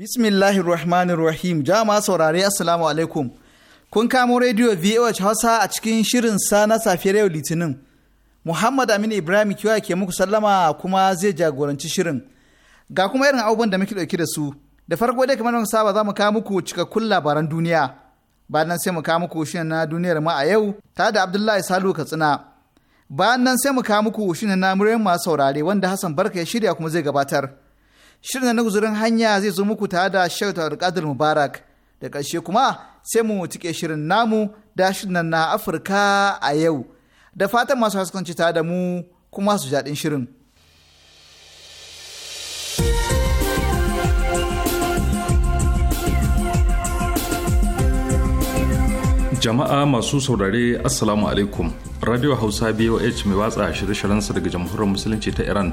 Bismillahir Rahmanir Rahim. Jama saurare Assalamu alaikum. Kun kamo rediyo VOH Hausa a cikin shirin sa na safiyar yau Litinin. Muhammad Aminu Ibrahim kiwa ke muku sallama kuma zai jagoranci shirin. Ga kuma irin abubuwan da muke ɗauki da su. Da farko dai kamar saba za mu kawo muku cikakkun labaran duniya. Bayan nan sai mu kawo muku shirin na duniyar ma a yau tare da Abdullahi Salu Katsina. Bayan nan sai mu kawo muku shirin na muryar masu saurare wanda Hassan Barka ya shirya kuma zai gabatar. shirin na guzurin hanya zai zo muku tare da shauta alƙadar mubarak da ƙarshe kuma sai mu tike shirin namu da shirin na afirka a yau da fatan masu haskanci tare da mu kuma su jaɗin shirin. jama'a masu saurare assalamu alaikum radio hausa boh mai watsa shirye-shiryensa daga jamhuriyar musulunci ta iran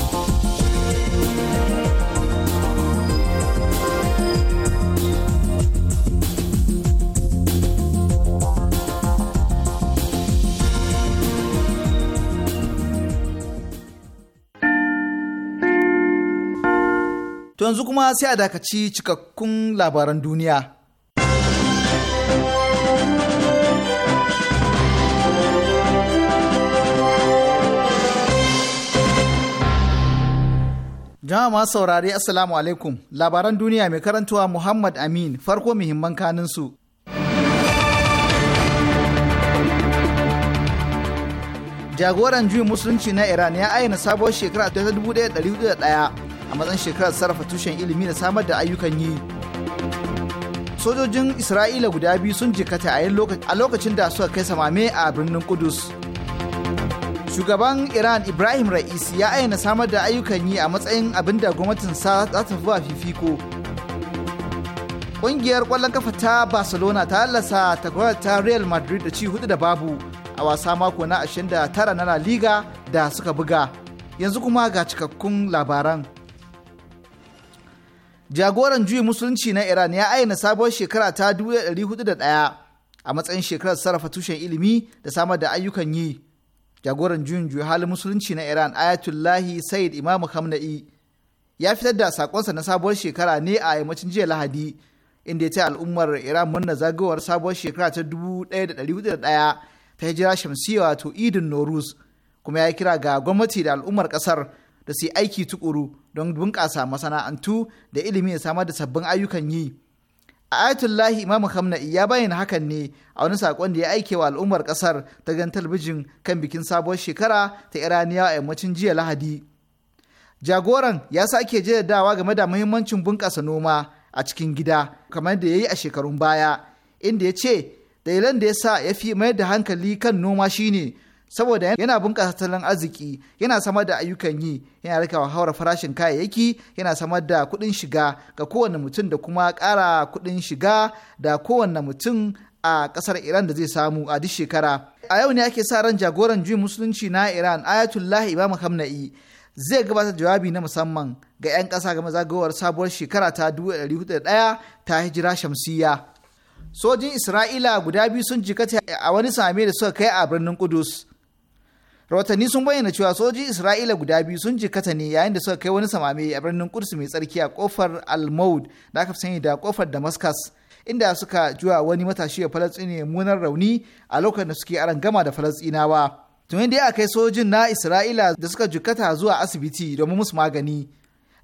To yanzu kuma sai a dakaci cikakkun labaran duniya. Jama'a masu saurari Assalamu alaikum labaran duniya mai karantuwa Muhammad Amin farko muhimman kanin su. Jagoran juyin musulunci na Iran ya ayyana sabuwar shekara ta a matsayin shekarar sarrafa tushen ilimi da samar da ayyukan yi sojojin isra'ila guda biyu sun jikata a lokacin da suka kai samame a birnin kudus shugaban iran ibrahim ra'isi ya ayyana samar da ayyukan yi a matsayin abin da gwamnatinsa za ta fi fifiko ƙungiyar ƙwallon kafa ta barcelona ta ta takwarar ta real madrid da ci hudu da babu a wasa mako na 29 na la liga da suka buga yanzu kuma ga cikakkun labaran jagoran juyin musulunci na iran ya ayyana sabuwar shekara ta 1401 a matsayin shekarar sarrafa tushen ilimi da samar da ayyukan yi jagoran juyin juyi halin musulunci na iran ayatullahi said imamu hamna'i ya fitar da sakonsa na sabuwar shekara ne a yammacin jiya lahadi inda ya ce al'ummar iran murna zagawar sabuwar shekara ta 1401 ta hijira shamsiyya wato idin nor'us kuma ya kira ga gwamnati da al'ummar kasar da su yi aiki tukuru don bunƙasa masana'antu da ilimi da samar da sabbin ayyukan yi. A ayatullahi Imam hamna ya bayyana hakan ne a wani saƙon da ya aike wa al'ummar ƙasar ta gan talabijin kan bikin sabuwar shekara ta Iraniya a yammacin jiya Lahadi. Jagoran ya sake jaddadawa game da muhimmancin bunƙasa noma a cikin gida kamar da ya yi a shekarun baya inda ya ce dalilan da ya sa ya fi mayar da hankali kan noma shine saboda yana bunƙasa tattalin arziki yana samar da ayyukan yi yana rika haura farashin kayayyaki yana samar da kuɗin shiga ga kowane mutum da kuma kara kuɗin shiga da kowane mutum a ƙasar iran da zai samu a duk shekara a yau ne ake sa ran jagoran juyin musulunci na iran ayatullahi imam hamna'i zai gabatar jawabi na musamman ga 'yan ƙasa game zagayowar sabuwar shekara ta daya ta hijira shamsiyya sojin isra'ila guda biyu sun jikata a wani same da suka kai a birnin kudus rahotanni sun bayyana cewa sojin isra'ila guda biyu sun jikata ne yayin da suka kai wani samame a birnin kudus mai tsarki a kofar almaud da aka sani da kofar damascus inda suka juwa wani matashi ya falastini munar rauni a lokacin da suke aran gama da falastinawa tuni da aka kai sojin na isra'ila da suka jikata zuwa asibiti domin musu magani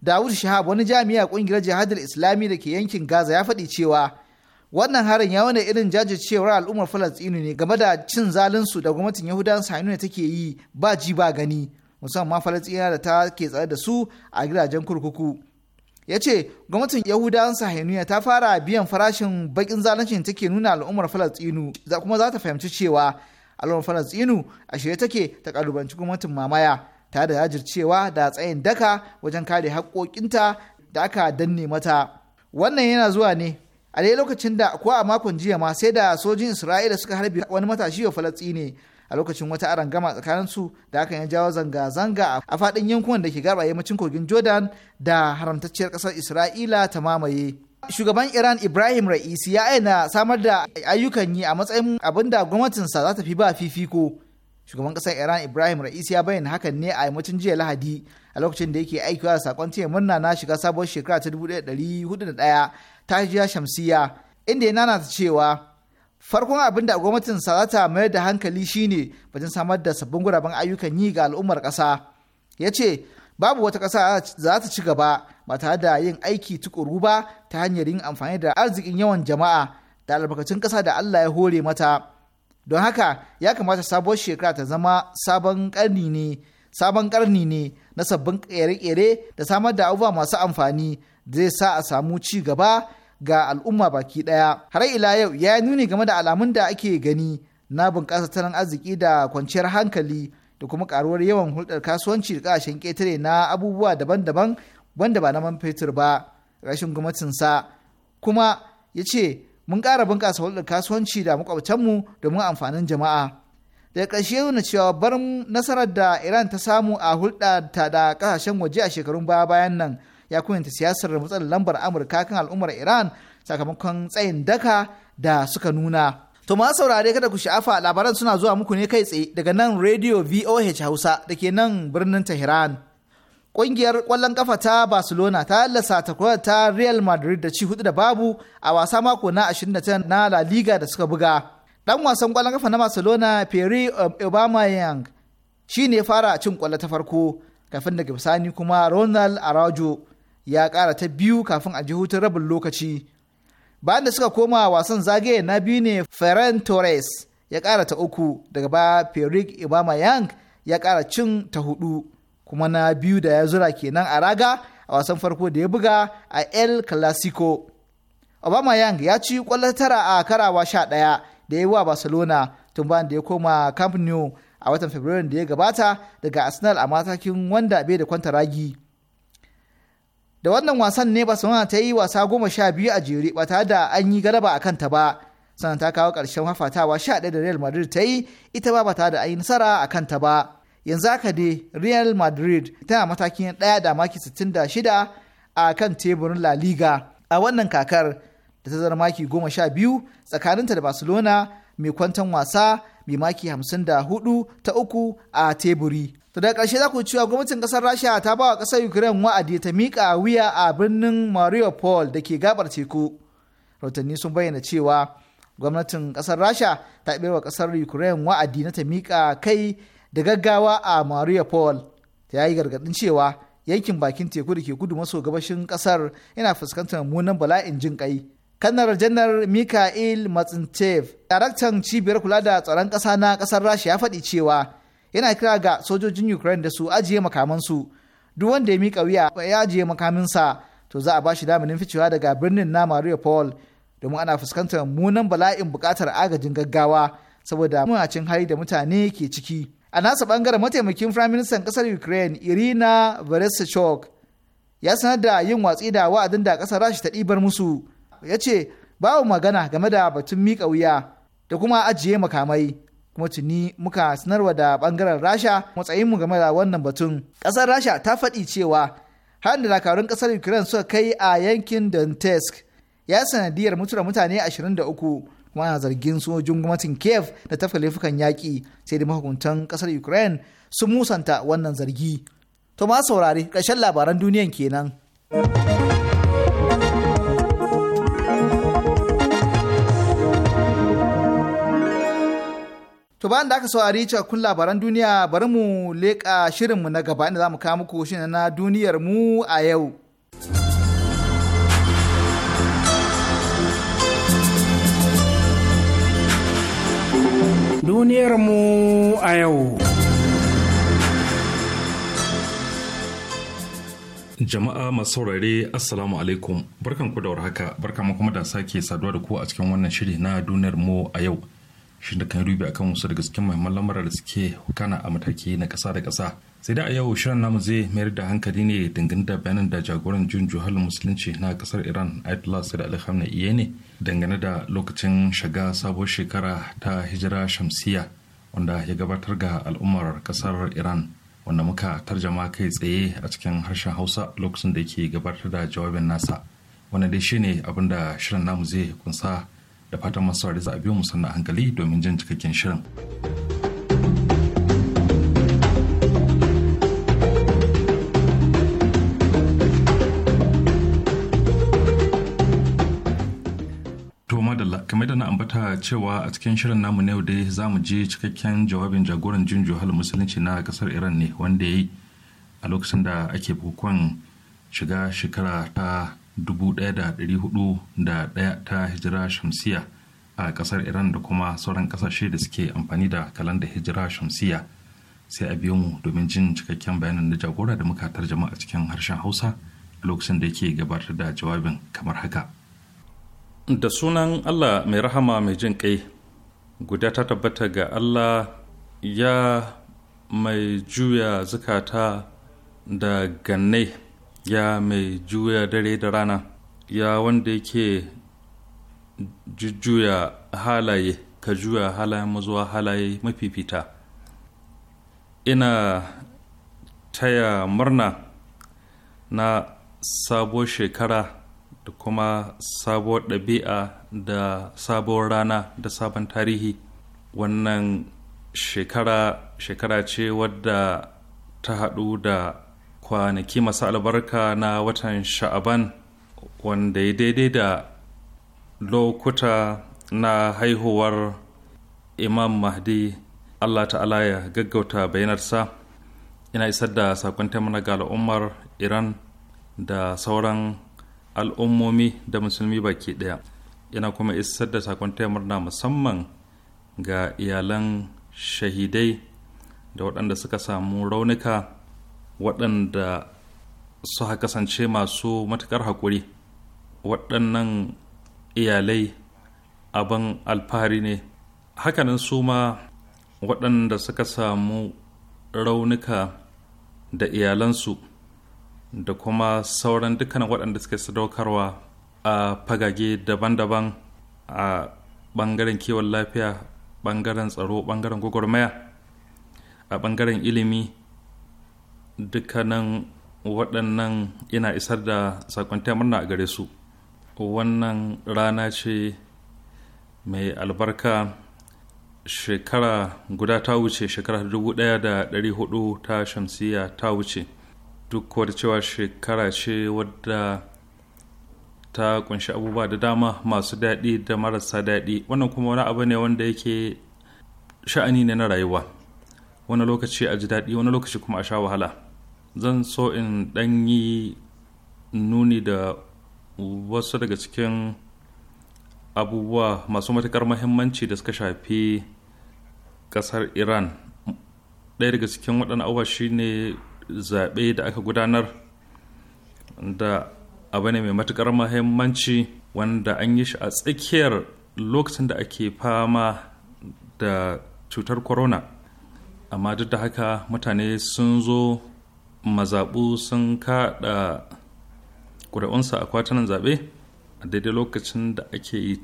dawud shahab wani jami'a kungiyar jihadar islami da ke yankin gaza ya faɗi cewa wannan harin ya wani irin jajircewar al'ummar falastinu ne game da cin zalinsu da gwamnatin yahudan sahinu take yi ba ji ba gani musamman falastiniya da ta ke tsare da su a gidajen kurkuku ya ce gwamnatin yahudan sahiniya ta fara biyan farashin bakin zaluncin take nuna al'ummar falastinu kuma za ta fahimci cewa al'ummar falastinu a shirye take ta kalubanci gwamnatin mamaya tare da jajircewa da tsayin daka wajen kare haƙƙoƙinta da aka danne mata wannan yana zuwa ne a dai lokacin da ko a makon jiya ma sai da sojin isra'ila suka harbe wani matashi wa ne. a lokacin wata arangama tsakanin su da hakan ya jawo zanga-zanga a faɗin yankunan da ke gaba yammacin kogin jordan da haramtacciyar kasar isra'ila ta mamaye shugaban iran ibrahim ra'isi ya aina samar da ayyukan yi a matsayin abin da gwamnatinsa za ta fi ba fifiko shugaban ƙasar iran ibrahim ra'isi ya bayyana hakan ne a yammacin jiya lahadi a lokacin da yake aikiwa da sakon murna na shiga sabuwar shekara ta 1401 tajiya shamsiya inda ya nanata cewa farkon abin da gwamnatin sa zata mayar da hankali shine wajen samar da sabbin guraben ayyukan yi ga al'ummar ƙasa ya ce babu wata ƙasa za ta ci gaba ba tare da yin aiki tukuru ba ta hanyar yin amfani da arzikin yawan jama'a da albarkacin ƙasa da Allah ya hore mata don haka ya kamata sabuwar shekara ta zama sabon karni ne sabon ƙarni ne na sabbin ƙere kere da samar da abubuwa masu amfani zai sa a samu ci gaba ga al'umma baki ɗaya. Har ila yau ya nuni game da alamun da ake gani na bunƙasa tattalin arziki da kwanciyar hankali da kuma karuwar yawan hulɗar kasuwanci da ƙasashen ƙetare na abubuwa daban-daban wanda ba na man fetur ba rashin sa kuma ya ce mun ƙara bunƙasa hulɗar kasuwanci da makwabtanmu domin amfanin jama'a. Daga ƙarshe nuna cewa barin nasarar da Iran ta samu a hulɗa ta da ƙasashen waje a shekarun baya bayan nan ya kunyanta siyasar matsalar lambar amurka kan al'ummar iran sakamakon tsayin daka da suka nuna to ma saurare kada ku sha'afa labaran suna zuwa muku ne kai tsaye daga nan radio voh hausa da ke nan birnin tehran Ƙungiyar ƙwallon kafa ta Barcelona ta lallasa ta ta Real Madrid da ci hudu da babu a wasa mako na 29 na La Liga da suka buga. Dan wasan kwallon kafa na Barcelona Pierre Aubameyang shi ne fara cin kwallo ta farko kafin daga bisani kuma Ronald Araujo ya ƙara ta biyu kafin a ji hutun rabin lokaci bayan da suka koma wasan zagaye na biyu ne ferran torres ya ƙara ta uku daga ba ferik ibama yang ya ƙara cin ta hudu kuma na biyu da ya zura kenan a raga a wasan farko da ya buga a el clasico obama yang ya ci kwallo tara a karawa sha ɗaya da ya yi wa barcelona tun bayan da ya koma camp nou a watan fabrairu da ya gabata daga arsenal a matakin wanda bai da kwanta ragi da wannan wasan ne ba barcelona ta yi wasa goma sha biyu a jere ba tare da an yi galaba a kanta ba sannan ta kawo ƙarshen hafatawa sha ɗaya da real madrid ta yi ita ba ba tare da an yi nasara a kanta ba yanzu haka dai real madrid tana matakin ɗaya da maki sittin da shida a kan teburin la liga a wannan kakar da ta zama maki goma sha biyu tsakaninta da barcelona mai kwantan wasa bi maki hudu ta uku a teburi. ta daga ƙarshe za ku cewa gwamnatin ƙasar Rasha ta ba wa ƙasar Ukraine wa'adi ta miƙa wuya a birnin Mariupol da ke gabar teku. Rahotanni sun bayyana cewa gwamnatin ƙasar Rasha ta wa ƙasar Ukraine wa'adi na ta miƙa kai da gaggawa a Mariupol. Ta yi gargaɗin cewa yankin bakin teku da ke kudu maso gabashin ƙasar yana fuskantar mummunan bala'in jin ƙai. kanar janar mikhail matsintev daraktan cibiyar kula da tsaron kasa na ƙasar rasha ya faɗi cewa yana kira ga sojojin ukraine da su ajiye makamansu duk wanda ya miƙa wuya ya ajiye makaminsa to za a ba shi daminin ficewa daga birnin na mariupol domin ana fuskantar munan bala'in buƙatar agajin gaggawa saboda mawacin hali da mutane ke ciki a nasa bangaren mataimakin firaministan ƙasar ukraine irina vereshchuk ya sanar da yin watsi da wa'adin da ƙasar rasha ta ɗibar musu ya ce babu magana game da batun miƙa wuya da kuma ajiye makamai kuma tuni muka sanarwa da bangaren rasha matsayinmu game da wannan batun ƙasar rasha ta faɗi cewa har da dakarun ƙasar ukraine suka kai a yankin dantesk ya sanadiyar mutura mutane 23 kuma ana zargin sojojin gwamnatin kiev da tafka laifukan yaƙi sai da mahukuntan ƙasar ukraine sun musanta wannan zargi to ma saurari ƙarshen labaran duniyan kenan. To bayan da aka saurari kun labaran duniya bari mu leƙa shirinmu na gaba inda za mu kawo muku shirin na duniyar mu a yau. Duniyar mu a yau. Jama'a masu saurare Assalamu alaikum barkan ku da warhaka barkan kuma da sake saduwa da ku a cikin wannan shiri na duniyar mu a yau. shin da kan dubi akan wasu daga cikin mahimman lamura da suke kana a mataki na ƙasa da kasa. sai da a yau shirin namu zai mayar da hankali ne dangane da bayanin da jagoran jin juhalin musulunci na ƙasar iran ayatollah sai da alhamna iya ne dangane da lokacin shiga sabuwar shekara ta hijira shamsiya wanda ya gabatar ga al'ummar ƙasar iran wanda muka tarjama kai tsaye a cikin harshen hausa lokacin da yake gabatar da jawabin nasa wanda dai shine abin da shirin namu zai kunsa da fatan masu saurari za a biyo mu sannan hankali domin jan cikakken shirin. kamar da na ambata cewa a cikin shirin namu na yau dai za mu je cikakken jawabin jagoran jin juhal musulunci na kasar iran ne wanda ya yi a lokacin da ake bukukuwan shiga shekara ta 1401 ta hijira shamsiya a kasar iran da kuma sauran kasashe da suke amfani da kalanda hijira shamsiya sai a biyo mu domin jin cikakken bayanan da jagora da mukatar jama'a cikin harshen hausa a lokacin da yake gabatar da jawabin kamar haka da sunan allah mai rahama mai jin kai guda ta tabbata ga allah ya mai juya zukata da gannai ya mai juya dare da rana ya wanda yake jujjuya halaye ka juya halayen mazuwa halaye mafifita ina taya murna na sabuwar shekara da kuma sabuwar ɗabi'a da sabuwar rana da sabon tarihi wannan shekara shekara ce wadda ta haɗu da kwanaki masu albarka na watan sha'aban wanda ya daidai da lokuta na haihuwar imam mahdi allah ta'ala ya gaggauta bayanarsa ina isar da sakon na ga al'ummar iran da sauran al'ummomi da musulmi baki ɗaya, yana kuma isar da sakon na musamman ga iyalan shahidai da waɗanda suka samu raunuka waɗanda suka kasance masu matuƙar haƙuri waɗannan iyalai abin alfahari ne hakanan su ma waɗanda suka samu raunuka da iyalansu da kuma sauran dukkanin waɗanda suka sadaukarwa a fagage daban-daban a ɓangaren kiwon lafiya ɓangaren tsaro ɓangaren gwagwarmaya a ɓangaren ilimi dukkanin waɗannan ina isar da sakon murna a gare su wannan rana ce mai albarka shekara guda ta wuce shekara 1400 ta shamsiya ta wuce duk wadda cewa shekara ce wadda ta kunshi abubuwa da dama masu daɗi da marasa daɗi wannan kuma wani abu ne wanda yake sha'ani ne na rayuwa wani lokaci a ji daɗi wani lokaci kuma a sha wahala zan so in ɗan yi nuni da wasu daga cikin abubuwa masu matuƙar mahimmanci da suka shafi ƙasar iran ɗaya daga cikin waɗannan abubuwa shine zaɓe da aka gudanar da abu ne mai matuƙar mahimmanci wanda an yi shi a tsakiyar lokacin da ake fama da cutar corona amma duk da haka mutane sun zo mazaɓu sun kaɗa ƙuri'unsa a kwatunan zaɓe a daidai lokacin da ake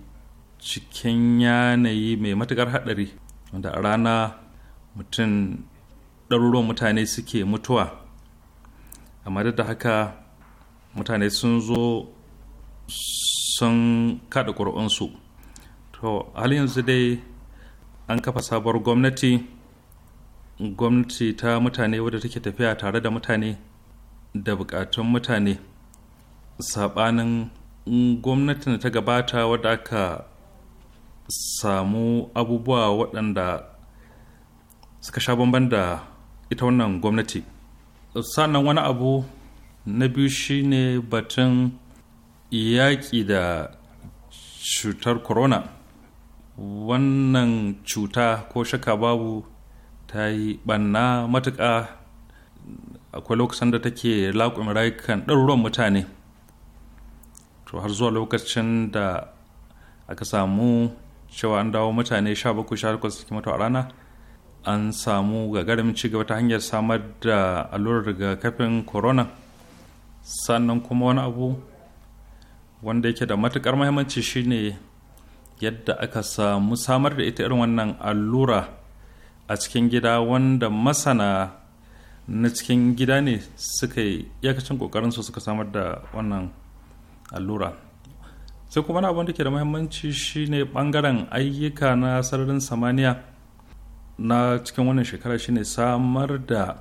cikin yanayi mai matuƙar haɗari wanda a rana mutum ɗaruruwan mutane suke mutuwa amma duk da haka mutane sun zo sun kaɗa ƙuri'unsu to halin yanzu dai an kafa sabuwar gwamnati gwamnati ta mutane wadda take tafiya tare da mutane da bukatun mutane sabanin gwamnatin ta gabata wadda aka samu abubuwa waɗanda suka sha bamban da ita wannan gwamnati sannan wani abu na biyu shine batun yaƙi da cutar corona wannan cuta ko shaka babu ta yi banna matuƙa akwai lokacin da take laƙon rayukan ɗaruruwan mutane to har zuwa lokacin da aka samu cewa an dawo mutane 17-18 suke mata a rana an samu gagarumin cigaba ta hanyar samar da allurar rigakafin corona sannan kuma wani abu wanda yake da matukar mahimmanci shine yadda aka samu samar da ita irin wannan allura a cikin gida wanda masana na cikin gida ne suka yi iyakacin su suka samar da wannan allura sai kuma na abin da ke da mahimmanci shine bangaren ayyuka na sararin samaniya na cikin wannan shekara shine samar da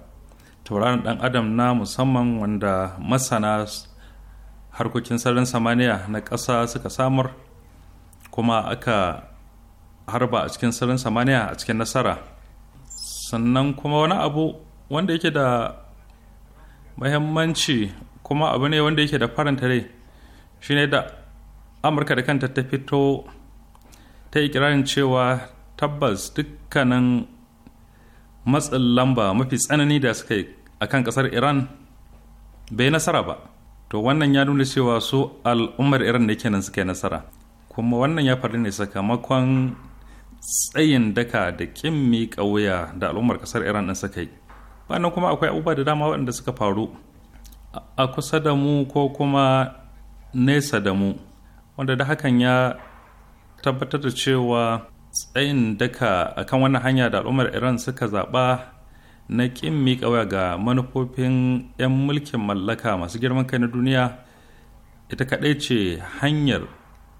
tauraron dan adam na musamman wanda masana harkokin sararin samaniya na ƙasa suka samar kuma aka harba a cikin sararin samaniya a cikin nasara sannan kuma wani abu wanda yake da mahimmanci kuma abu ne wanda yake da faranta rai shine da amurka da kanta ta fito ta yi ikirarin cewa tabbas dukkanin matsin lamba mafi tsanani da suka yi a kan kasar iran bai nasara ba to wannan ya nuna cewa su al'ummar iran ne kenan suka yi nasara kuma wannan ya faru ne sakamakon tsayin daka da kin miƙa wuya da al'ummar ƙasar iran ɗin suka yi bayan kuma akwai abubuwa da dama waɗanda suka faru a kusa da mu ko kuma nesa da mu wanda da hakan ya tabbatar da cewa tsayin daka akan wannan hanya da al'ummar iran suka zaɓa na ƙin miƙa wuya ga manufofin 'yan mulkin mallaka masu girman kai na duniya ita kaɗai ce hanyar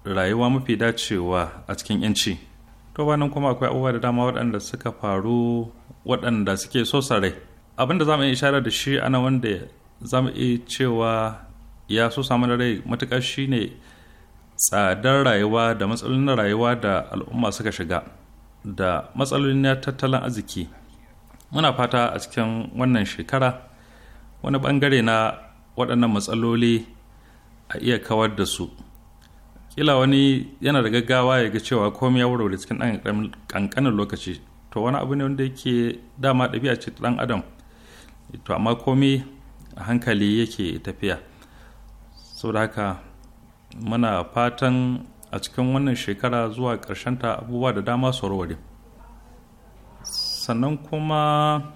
rayuwa mafi dacewa a cikin 'yanci. to nan kuma akwai abubuwa da dama waɗanda suka faru waɗanda suke so rai abin da za mu yi ishara da shi ana wanda za mu iya cewa ya so samu da rai matuƙa shine tsadar rayuwa da matsalolin rayuwa da al'umma suka shiga da matsalolin tattalin arziki muna fata a cikin wannan shekara wani bangare na waɗannan matsaloli a iya kawar da su kila wani yana da gaggawa ya ga cewa komai ya warware cikin ɗan ƙanƙanin lokaci to wani abu ne wanda yake dama ɗabi'a ce ɗan adam to amma komai a hankali yake tafiya saboda haka muna fatan a cikin wannan shekara zuwa ta abubuwa da dama su warware sannan kuma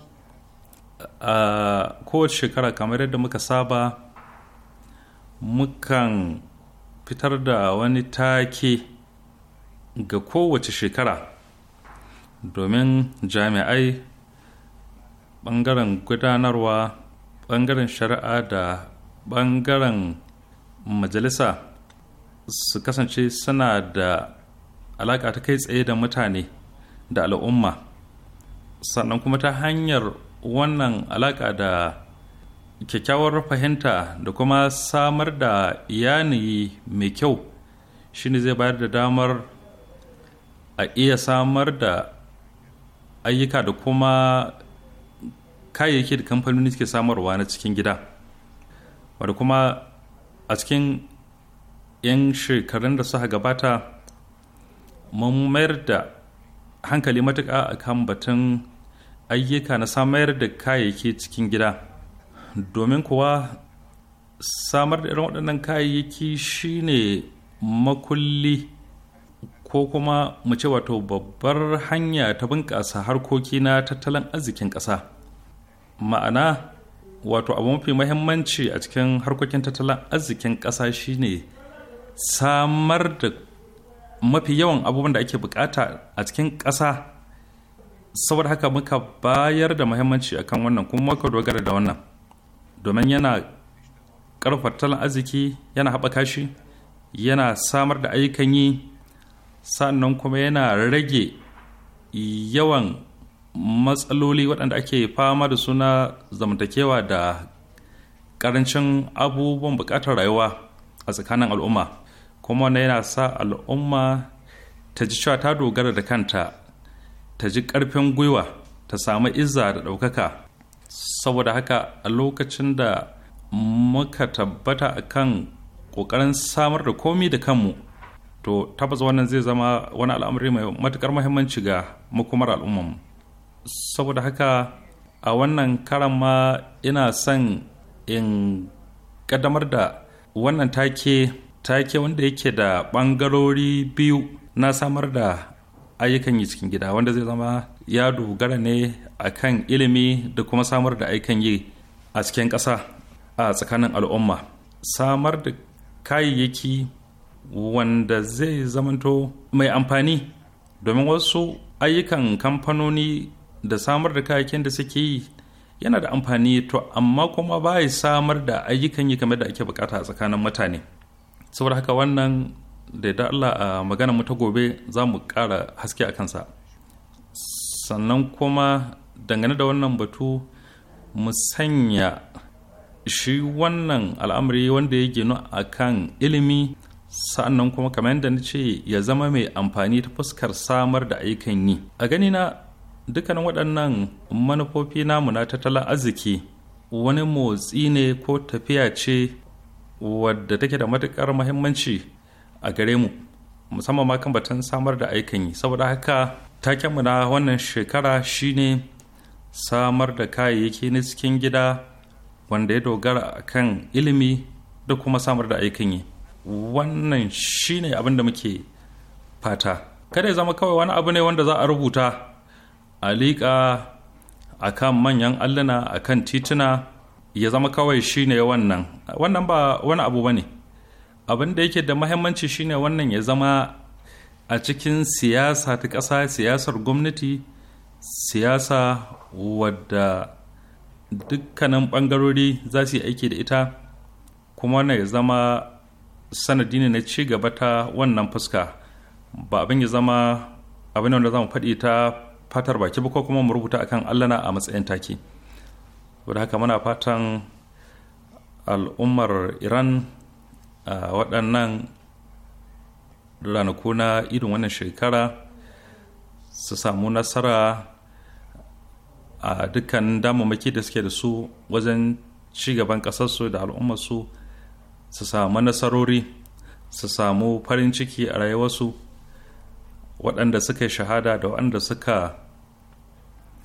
a kowace shekara kamar yadda muka saba mukan fitar da wani take ga kowace shekara domin jami'ai ɓangaren gudanarwa ɓangaren shari'a da ɓangaren majalisa su kasance suna da alaƙa ta kai tsaye da mutane da al'umma sannan kuma ta hanyar wannan alaƙa da kyakkyawar fahimta da kuma samar da yanayi mai kyau shine zai bayar da damar a iya samar da ayyuka da kuma kayayyaki da kamfanoni suke samarwa na cikin gida wadda kuma a cikin 'yan shekarun da suka gabata mun mayar da hankali matuƙa kan batun ayyuka na samar da kayayyaki cikin gida domin kuwa samar da irin waɗannan kayayyaki shine makulli ko kuma mu ce wato babbar hanya ta bunƙasa harkoki na tattalin arzikin ƙasa ma'ana wato abu mafi mahimmanci a cikin harkokin tattalin arzikin ƙasa shine samar da mafi yawan abubuwan da ake bukata a cikin ƙasa saboda haka muka bayar da mahimmanci akan wannan kuma muka dogara da wannan domin yana ƙarfafa tattalin arziki yana haɓaka shi yana samar da ayyukan yi sannan kuma yana rage yawan matsaloli waɗanda ake fama da suna zamantakewa da ƙarancin abubuwan buƙatar rayuwa a tsakanin al'umma kuma wannan yana sa al'umma ta ji cewa ta dogara da kanta ta ji ƙarfin gwiwa ta samu izza da ɗaukaka saboda haka a lokacin da muka tabbata a kan ƙoƙarin samar da komi da kanmu to tabbas wannan zai zama wani al'amari mai matuƙar muhimmanci ga makomar al'ummanmu saboda haka a wannan karan ma ina son in kaddamar da wannan take take wanda yake da bangarori biyu na samar da ayyukan yi cikin gida wanda zai zama ya dogara ne a kan ilimi da kuma samar da aikin yi a cikin ƙasa a tsakanin al'umma samar da kayayyaki wanda zai zamanto mai amfani domin wasu ayyukan kamfanoni da samar da kayayyakin da suke yi yana da amfani to amma kuma ba ya samar da ayyukan yi kamar da ake bukata a tsakanin mutane saboda haka wannan da da Allah a magana mu ta gobe za mu ƙara haske a kansa sannan kuma dangane da wannan batu mu sanya shi wannan al'amari wanda ya ginu a kan ilimi sa'annan kuma kamar yadda na ce ya zama mai amfani ta fuskar samar da ayyukan yi a gani na dukkanin waɗannan manufofi namu na tattalin arziki wani motsi ne ko tafiya ce wadda take da matuƙar muhimmanci a gare mu musamman ma kan batun samar da aikin yi saboda haka takenmu na wannan shekara shine samar da kayayyaki na cikin gida wanda ya dogara kan ilimi da kuma samar da aikin yi wannan ne abin da muke fata kada ya zama kawai wani abu ne wanda za a rubuta a liƙa a kan manyan alluna a kan tituna ya zama kawai shi ne wannan wannan ba wani abu ba ne abin da yake da mahimmanci shine wannan ya zama a cikin siyasa ta ƙasa siyasar gwamnati siyasa wadda dukkanin bangarori za su yi aiki da ita kuma na ya zama sanadi ne na ci gaba ta wannan fuska ba abin ya zama abin wanda za mu faɗi ta fatar baki ba ko kuma mu rubuta akan allana a matsayin taki wadda haka muna fatan al'ummar iran a ah, waɗannan ranaku na irin wannan shekara su samu nasara a dukkan damammaki da suke da su wajen ci gaban ƙasarsu da al'ummarsu su samu nasarori su samu farin ciki a rayuwarsu waɗanda suka yi shahada da waɗanda suka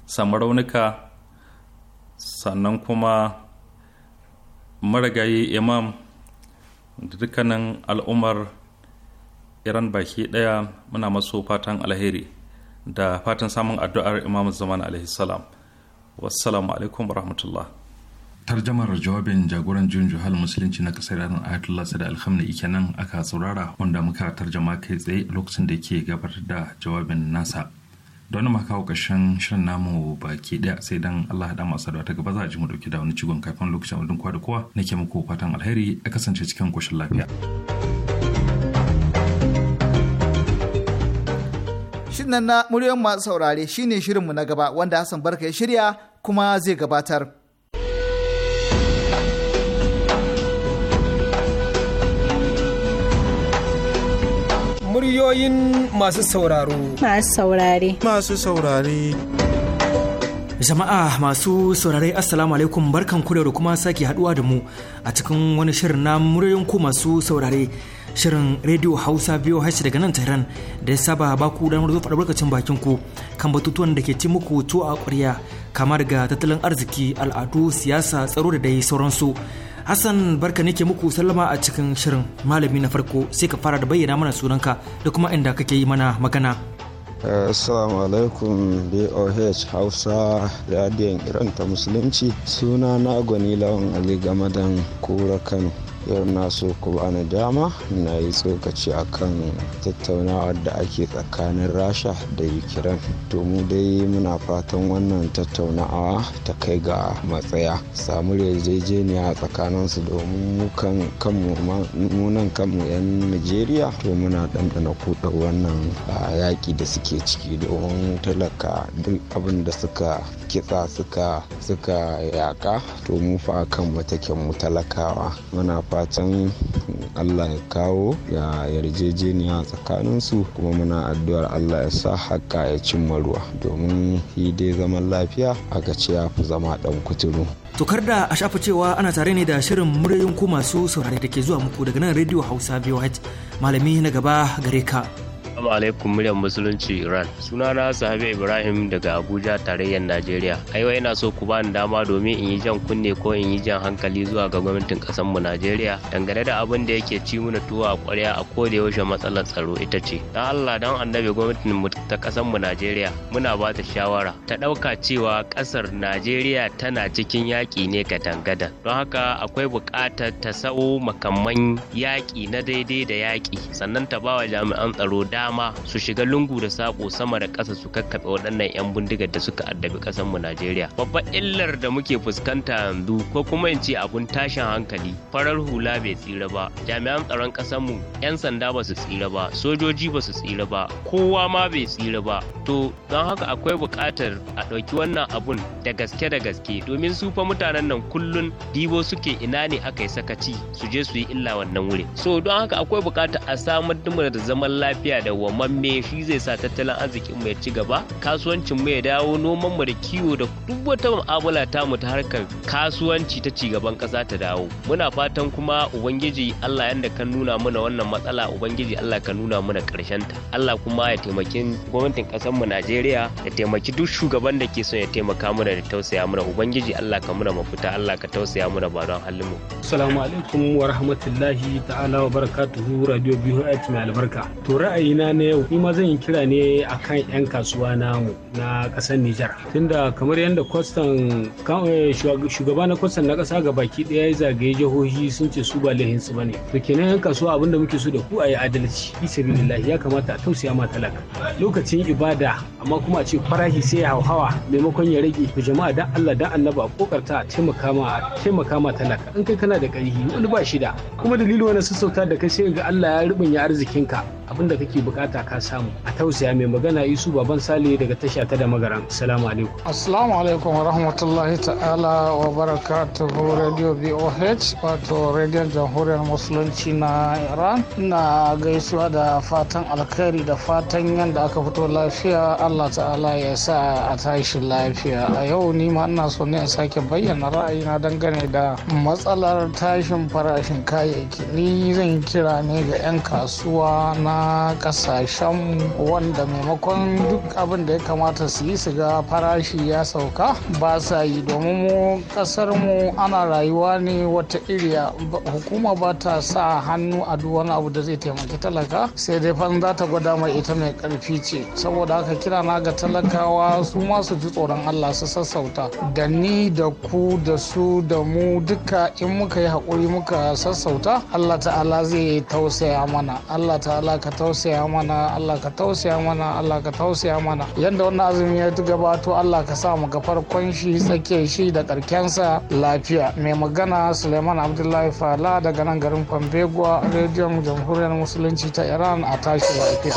samu raunuka sannan kuma maragayi imam da dukkanin al'ummar iran baki ɗaya muna masu fatan alheri da fatan samun addu'ar imam zaman alaihi salam wassalamu alaikum rahmatullah tarjamar jawabin jagoran jin juhal musulunci na kasar yaran ayatollah sada alhamdu nan aka saurara wanda muka tarjama kai tsaye lokacin da ke gabatar da jawabin nasa don ma kawo ƙarshen shirin namu baki daya sai dan Allah da masu da ta gaba za a ji mu dauki da wani cigon kafin lokacin wadin kwa da kowa nake muku fatan alheri a kasance cikin koshin lafiya. Shirin na muryoyin masu saurare shine shirinmu na gaba wanda Hassan Barka ya shirya kuma zai gabatar. Muryoyin masu sauraro. Masu saurare. Masu saurare. Jama'a masu saurare Assalamu alaikum barkan ku da kuma sake haduwa da mu a cikin wani shirin na muryoyin ku masu saurare shirin Radio Hausa biyu hashi daga nan Tehran da ya saba ba ku damar zo faɗa barkacin bakin ku kan batutuwan da ke ci muku to a ƙwarya kama daga tattalin arziki al'adu siyasa tsaro da dai sauransu. Hassan barka ne ke muku sallama a cikin shirin malami na farko sai ka fara da bayyana mana sunanka da kuma inda kake yi mana magana. assalamu alaikum boh hausa radiyon iran ta musulunci suna na gwani lawan ali gamadan kura kano yau na so ku bani dama na yi tsokaci akan tattaunawar da ake tsakanin rasha da ukraine to mu dai muna fatan wannan tattaunawa ta kai ga matsaya samu yarjejeniya tsakaninsu domin mu kanmu munan kanmu 'yan najeriya to muna ɗanɗana kuɗin wannan yaƙi da suke ciki domin talaka duk abin da suka kitsa suka suka yaƙa to mu fa kan matakin mu talakawa muna fatan allah ya kawo ya yarjejeniya tsakaninsu kuma muna addu'ar allah ya sa haka ya cimma ruwa domin yi dai zaman lafiya aka ce ya fi zama ɗan kuturu tokar da a shafa cewa ana tare ne da shirin muryoyin ku masu saurare da ke zuwa muku daga nan rediyo hausa voh malami na gaba gare ka Assalamu alaikum muryar musulunci Iran. Sunana Sahabi Ibrahim daga Abuja tarayyar Najeriya. Aiwa ina so ku bani dama domin in yi jan kunne ko in yi jan hankali zuwa ga gwamnatin ƙasar mu Najeriya dangane da abin da yake ci mana tuwa a ƙwarya a koda yaushe matsalar tsaro ita ce. Dan Allah dan annabi gwamnatin mu ta ƙasar mu Najeriya muna ba ta shawara ta ɗauka cewa ƙasar Najeriya tana cikin yaƙi ne tangada Don haka akwai buƙatar ta sa'o makamman yaƙi na daidai da yaƙi sannan ta bawa jami'an tsaro dama dama su shiga lungu da sako sama da ƙasa su kakkaɓe waɗannan 'yan bindigar da suka addabi ƙasarmu Najeriya. babban illar da muke fuskanta yanzu ko kuma in ce abun tashin hankali farar hula bai tsira ba jami'an tsaron ƙasarmu 'yan sanda ba su tsira ba sojoji ba su tsira ba kowa ma bai tsira ba to don haka akwai buƙatar a ɗauki wannan abun da gaske da gaske domin su fa mutanen nan kullun dibo suke ina ne aka yi sakaci su je su yi illa wannan wuri so don haka akwai buƙatar a samar da zaman lafiya da dawwamamme shi zai sa tattalin arzikin mu ya ci gaba kasuwancin mu ya dawo noman mu da kiwo da duk wata mu'amala ta mu ta harkar kasuwanci ta ci gaban ƙasa ta dawo muna fatan kuma ubangiji Allah yanda kan nuna mana wannan matsala ubangiji Allah ka nuna mana karshen ta Allah kuma ya taimaki gwamnatin kasar mu Najeriya ya taimaki duk shugaban da ke son ya taimaka mana da tausaya mana ubangiji Allah ka muna mafita Allah ka tausaya mana ba don halin mu assalamu alaikum wa rahmatullahi ta'ala wa barakatuhu radio biyu mai albarka to ra'ayina na yau ni ma zan yi kira ne akan 'yan kasuwa mu na kasar Nijar. Tunda kamar yadda kwastan eh, shugaba na kwastan na kasa ga baki ɗaya ya zagaye jihohi sun ce su ba lahin ba ne. To kenan 'yan kasuwa abin da muke so da ku a yi adalci. Isa ya kamata a tausaya ma talaka. Lokacin ibada amma kuma a ce farahi sai ya hauhawa maimakon ya rage ku jama'a dan Allah dan annaba kokarta a taimaka ma a taimaka ma talaka. In kai kana da ƙarfi wani ba shida. Kuma dalilin wani sassauta da kai sai ga Allah ya rubunya arzikinka. abin da kake bukata ka samu a tausaya mai magana isu baban sale daga tasha ta da magaran assalamu alaikum assalamu alaikum wa rahmatullahi ta'ala wa barakatuhu radio boh wato radio jamhuriyar musulunci na iran ina gaisuwa da fatan alkhairi da fatan yanda aka fito lafiya allah ta'ala ya sa a tashi lafiya a yau ni ma ina so ne in sake bayyana ra'ayina dangane da matsalar tashin farashin kayayyaki ni zan kira ne ga 'yan kasuwa na kasashen wanda maimakon duk abin da ya kamata su yi su ga farashi ya sauka ba sa yi domin mu kasar mu ana rayuwa ne wata iriya hukuma ba ta sa hannu a duk wani abu da zai taimaki talaka sai dai fan za ta gwada mai ita mai karfi ce saboda haka kira na ga talakawa su ma su ji tsoron Allah su sassauta da ni da ku da su da mu duka in muka yi haƙuri muka sassauta Allah ta'ala zai tausaya mana Allah ta'ala ka tausaya mana Allah ka tausaya mana Allah ka tausaya mana yanda wannan azumi ya gabato Allah ka sa mu ga farkon shi tsake shi da karkensa lafiya mai magana Suleiman Abdullahi Fala daga nan garin Fambegwa rediyon jamhuriyar musulunci ta Iran a tashi lafiya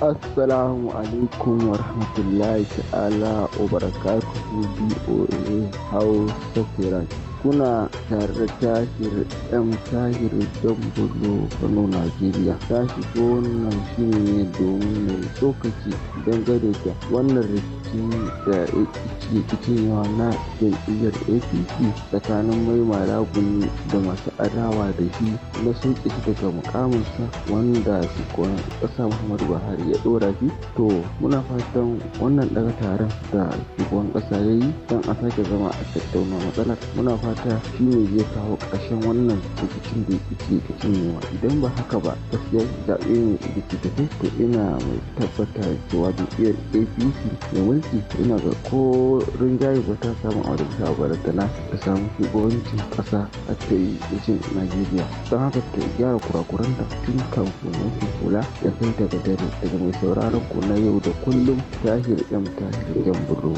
Assalamu alaikum wa rahmatullahi ta'ala wa barakatuhu BOA House of kuna tare da tahir 'yan tahir dambolo kano najeriya ta ko wannan shi ne domin mai tsokaci dangane ta wannan rikici bikin da ya na jam'iyyar apc tsakanin mai malabuni da masu adawa da shi na sun shi daga mukaminsa wanda shugaban ƙasa muhammadu buhari ya ɗora shi to muna fatan wannan daga taron da shugaban ƙasa ya yi don a sake zama a tattauna matsalar muna fata shi ne zai kawo ƙarshen wannan rikicin da yake rikicewa idan ba haka ba gaskiya zaɓe ne da ke to ina mai tabbata cewa jam'iyyar apc da shugabanci ina ga ko rinjaye ba ta samu a wajen shawarar na ta samu shugabanci ƙasa a ta yi yace najeriya don haka ta gyara kurakuran da tun kafin kula ya kai daga dare daga mai sauraron ku na yau da kullum tahir yan tahir yan buru.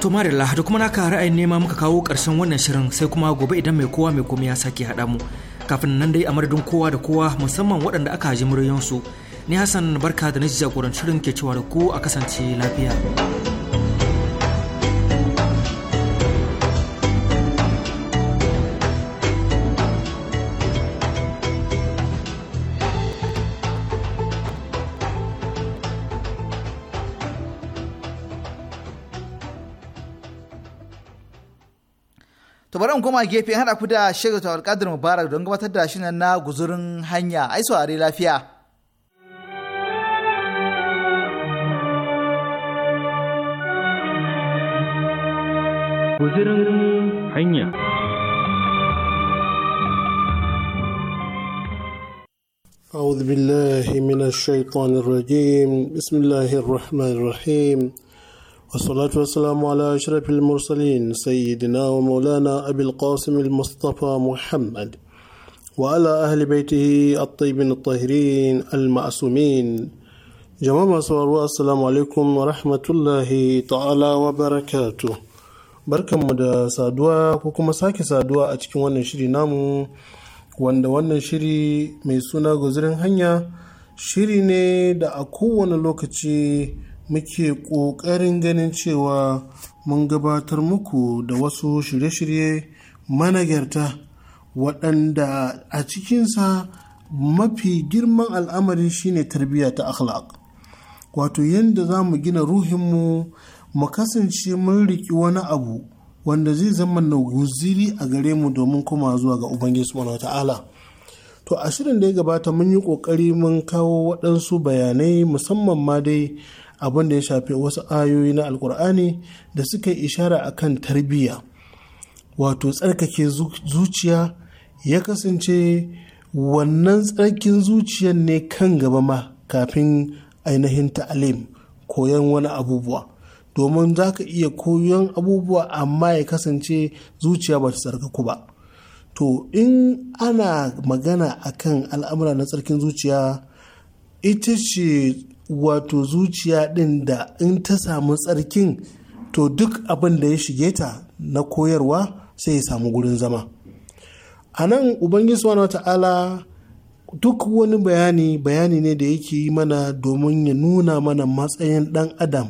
to marilla da kuma naka ra'ayin nema muka kawo ƙarshen wannan shirin sai kuma gobe idan mai kowa mai komai ya sake haɗa mu kafin nan dai a madadin kowa da kowa musamman waɗanda aka haji muryansu ni hassan barka da na jagorancin shirin ke cewa da ku a kasance lafiya. to bari in koma gefe hada ku da Sheikh Tawar Mubarak don gabatar da shi na guzurin hanya ai saurare lafiya guzurin hanya أعوذ بالله من الشيطان الرجيم بسم الله الرحمن الرحيم والصلاة والسلام على أشرف المرسلين سيدنا ومولانا أبي القاسم المصطفى محمد وعلى أهل بيته الطيبين الطاهرين المعصومين جماعة سوار السلام عليكم ورحمة الله تعالى وبركاته barkan mu da saduwa ko kuma sake saduwa a cikin wannan shiri namu wanda wannan shiri mai suna guzurin hanya shiri ne da a kowane lokaci muke ƙoƙarin ganin cewa mun gabatar muku da wasu shirye-shirye managarta waɗanda a cikinsa mafi girman al'amari shine tarbiyya ta akhlaq wato yadda za mu gina ruhinmu mu kasance mun riki wani abu wanda zai zama na guziri a gare mu domin kuma zuwa ga ubangiji subhanahu ta'ala to a shirin da ya gabata mun yi ƙoƙari mun kawo waɗansu bayanai musamman ma dai abin da ya shafi wasu ayoyi na alkur'ani da suka yi ishara a kan tarbiyya wato tsarkake zuciya ya kasance wannan tsarkin zuciyar ne kan gaba ma kafin ainihin ta'alim koyon wani abubuwa domin za ka iya koyon abubuwa amma ya kasance zuciya ba ta tsarkaku ba to in ana magana akan al'amura na tsarkin zuciya ita ce wato zuciya ɗin da in ta samu tsarkin to duk abin da ya shige ta na koyarwa sai ya samu gurin zama a nan ubangiji wa ta'ala duk wani bayani bayani ne da yake yi mana domin ya nuna mana matsayin ɗan adam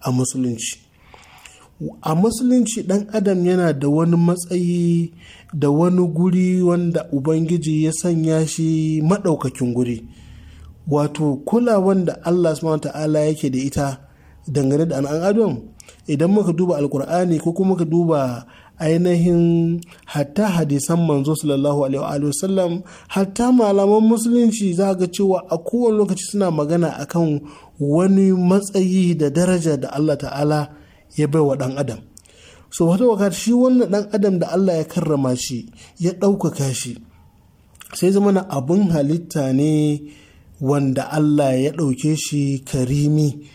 a musulunci a musulunci ɗan adam yana da wani matsayi da wani guri wanda ubangiji ya sanya shi maɗaukakin guri wato kulawan da Allah subhanahu ta'ala yake da ita dangane da an adam idan muka duba alkur'ani ko kuma muka duba ainihin hatta hadisan manzo sallallahu alaihi hatta malaman musulunci za ga cewa a kowane lokaci suna magana akan wani matsayi da daraja da Allah ta'ala ya baiwa dan adam so wata shi wannan dan adam da Allah ya karrama shi ya ɗaukaka shi sai zama na abin halitta ne wanda Allah ya ɗauke shi karimi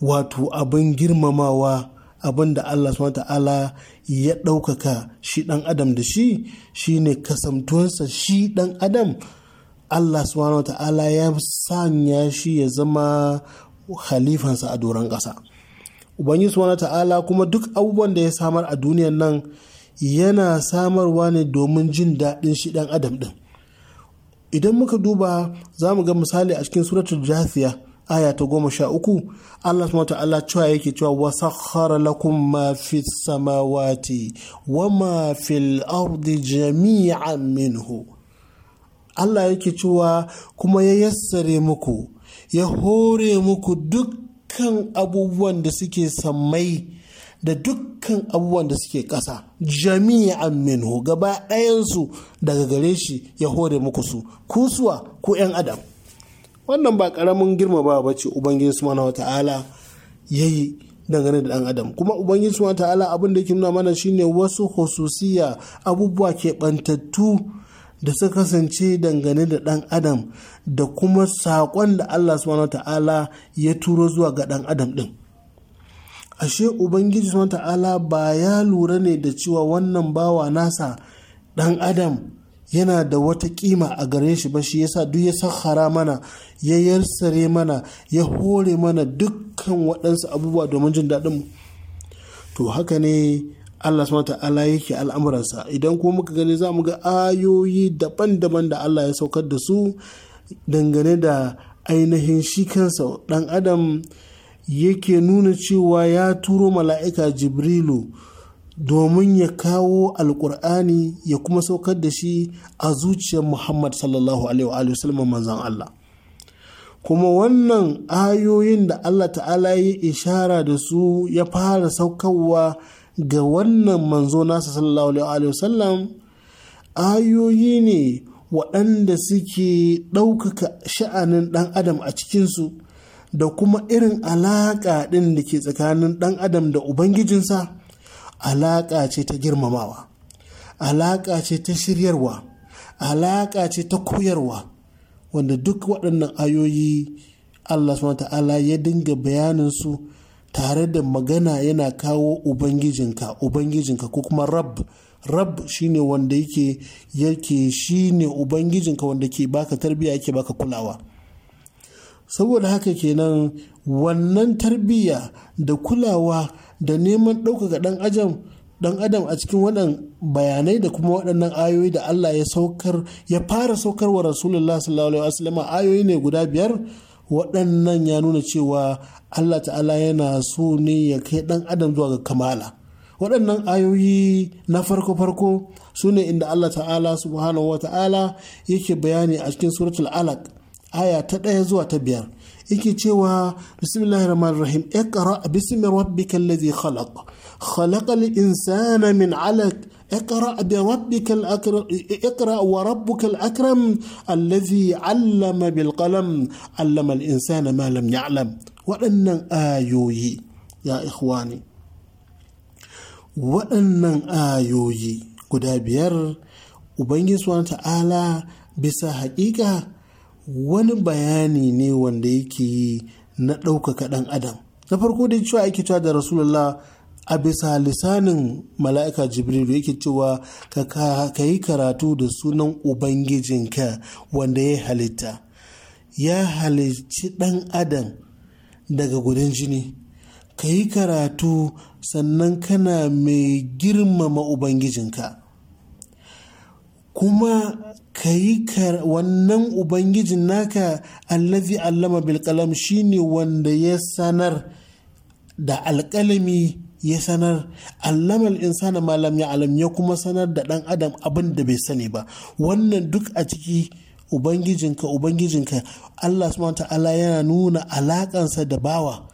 wato abin girmamawa abin da Allah ta'ala ya ɗaukaka shi ɗan adam da shi shi ne kasamtuwarsa shi ɗan adam Allah ta'ala ya sanya shi ya zama halifansa a doron ƙasa Ubangiji ta'ala kuma duk abubuwan da ya samar a duniyan nan yana samarwa ne domin jin daɗin shi ɗan adam ɗin idan muka duba za mu ga misali a cikin suratul jasiya aya ta goma sha uku Allah subhanahu ta'ala cewa yake cewa wa sakhara lakum ma fi samawati wa ma fil ardi jami'an minhu Allah yake cewa kuma ya yassare muku ya hore muku dukkan abubuwan da suke sammai da dukkan abubuwan da suke ƙasa jami'an minhu gaba ɗayansu daga gare shi ya hore muku su kusuwa ko 'yan adam wannan ba ƙaramin girma ba ce ubangiji mana wata'ala ya yi dangane da ɗan adam kuma ubangiji su wata'ala abin da ke nuna mana shine wasu hususiya abubuwa keɓantattu da suka kasance dangane da ɗan adam da kuma saƙon da allah su wata'ala ya turo zuwa ga ɗan adam ɗin ashe ubangiji ta'ala ba ya lura ne da cewa wannan bawa nasa dan adam yana da wata kima a gare shi ba shi yasa duk ya sahara mana ya yarsare mana ya hore mana dukkan waɗansu abubuwa domin jin daɗin to haka ne Allah subhanahu ta'ala yake al'amuransa idan kuma muka gani za mu ga ayoyi daban-daban da Allah ya saukar da su dangane da ainihin shi kansa ɗan adam yake nuna cewa ya turo mala'ika jibrilu domin ya kawo alkur'ani ya kuma saukar da shi a zuciyar muhammad sallallahu alaihi wasallam manzan allah kuma wannan ayoyin da allah ta'ala ya ishara da su ya fara saukarwa ga wannan manzo nasa sallallahu alaihi wasallam ayoyi ne waɗanda suke ɗaukaka sha'anin ɗan adam a cikinsu da kuma irin alaƙa ɗin da ke tsakanin ɗan adam da ubangijinsa alaƙa ce ta girmamawa alaƙa ce ta shiryarwa alaƙa ce ta koyarwa wanda duk waɗannan ayoyi allah subhanahu ta'ala ya dinga bayanin su tare da magana yana kawo ubangijinka ubangijinka ko kuma rab rab shine wanda yake yake shine ubangijinka wanda ke baka tarbiyya yake baka kulawa saboda haka kenan wannan tarbiyya da kulawa da neman ɗaukaka ɗan ajam ɗan adam a cikin waɗannan bayanai da kuma waɗannan ayoyi da Allah ya saukar ya fara saukar wa rasulullah sallallahu alaihi wasallam ayoyi ne guda biyar waɗannan ya nuna cewa Allah ta'ala yana so ne ya kai ɗan adam zuwa ga kamala waɗannan ayoyi na farko-farko su ne inda Allah ta'ala subhanahu wa ta'ala yake bayani a cikin suratul alaq aya ta ɗaya zuwa ta biyar yake cewa bismillahir rahmanir rahim iqra bismi rabbikal ladhi khalaq khalaqal insana min 'alaq اقرأ بربك الأكرم اقرأ وربك الأكرم الذي علم بالقلم علم الإنسان ما لم يعلم وأن آيوي يا إخواني وأن آيوي قد بير وبنجي سبحانه وتعالى بسا حقيقة wani bayani ne wanda yake yi na ɗaukaka ɗan adam na farko da cewa ake cewa da rasulullah a bisa lisanin mala'ika jibrilu yake cewa ka yi karatu da sunan ubangijinka wanda ya halitta ya halicci ɗan adam daga gudun jini ka yi karatu sannan kana mai girmama ubangijinka kuma ka yi wannan ubangijin naka allazi allama bilkalam shine wanda ya sanar da alkalami ya sanar allamal insana malam ya alam ya kuma sanar da dan adam abin da bai sani ba wannan duk a ciki ubangijinka ubangijinka allah subhanahu ta'ala yana nuna alakansa da bawa